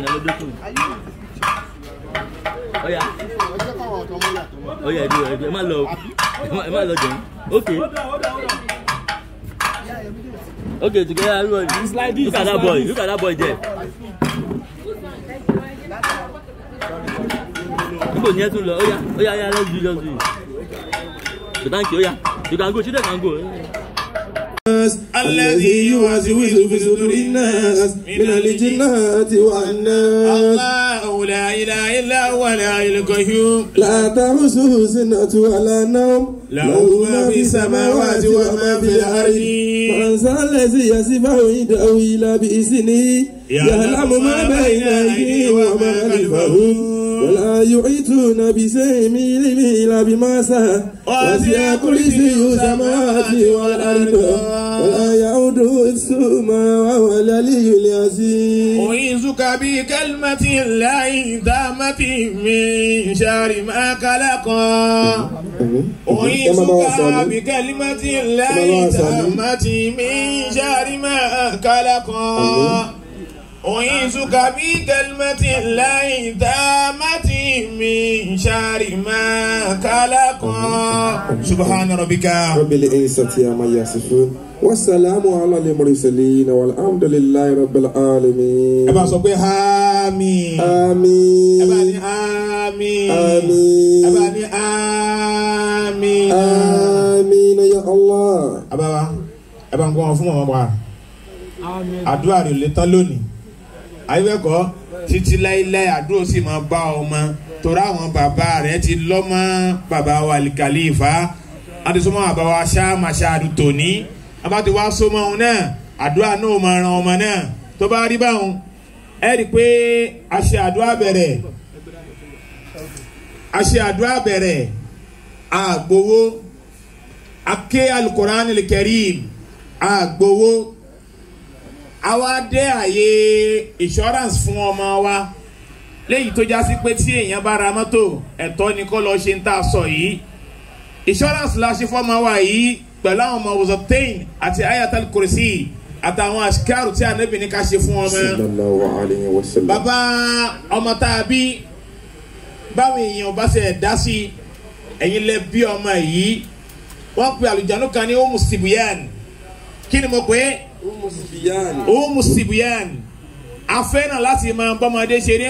yẹn lọ́dún tó ọ̀yà ọ̀yà ẹ̀dùn ẹ̀dùn ẹ̀ má lọ ẹ̀ má lọ jẹun ok ok together everyone look at that boy look at that boy there. níbo ni ẹ tún yeah. ọ̀yà ọ̀yà ọ̀yà let's do let's do so thank you Yeah. you can go children can go. الناس الذي يوسوس في صدور الناس من الجنة والناس الله لا إله إلا هو الحي القيوم لا تمسه سنة ولا نوم له ما في السماوات وما في الأرض من ذا الذي يصفه عنده إلا بإذنه يعلم ما بين أيديهم وما خلفهم ولا يعيتون بشيء من إلا بما سهى وسع كرسي السماوات والأرض ولا يعود إفسهما وهو العلي العظيم أعيذك بكلمة الله تامة من شر ما خلق أعيذك بكلمة الله تامة من شر ما خلق أعيذك بكلمة الله تامة من شر ما خلق سبحان ربك رب العزة عما يصفون والسلام على المرسلين والحمد لله رب العالمين ẹ bá sọ pé àmín àmín ẹ bá ní àmín àmín ẹ bá ní àmín àmín ya Allah ẹ bá wa ẹ bá ń gbọ́n fún ọmọ wa àdúrà rẹ̀ lè tán lónìí àyẹ̀kọ́ títí láíláí àdúró sì máa bá ọmọ torí àwọn bàbá rẹ̀ ti lọ́mọ bàbá wa kàlífà adesoma bàbá wa ṣáàmà ṣáàdù tòní abáti wá sọmọ òun náà àdúrà náà máa ran ọmọ náà tó bá rí báwọn ẹ rí i pé a ṣe àdúrà bẹ̀rẹ̀ a ṣe àdúrà bẹ̀rẹ̀ àgbowó aké alukoran àgbowó a wá dé àyè insurance fún ọmọ wa léyìí tó jásí pé tí èèyàn bá ra mọ́tò ẹ̀tọ́ ni kó lọ ṣe ń tà sọ yìí insurance la ṣe fọ́mọ wa yìí pẹ̀lú àwọn ọmọ wòsàn àti ayatal kùrìsì àtàwọn àṣìkárù tí ànábì ní ká ṣe fún ọmọ. bàbá ọmọ tá a bí báwọn èèyàn bá ṣe dá sí ẹ̀yin ọmọ yìí wọ́n pe àlùjánu kan ní ó mùsùlùmí kí ni mo pè é umusibuyani afẹ́ràn láti máa bọ́mọdé ṣeré.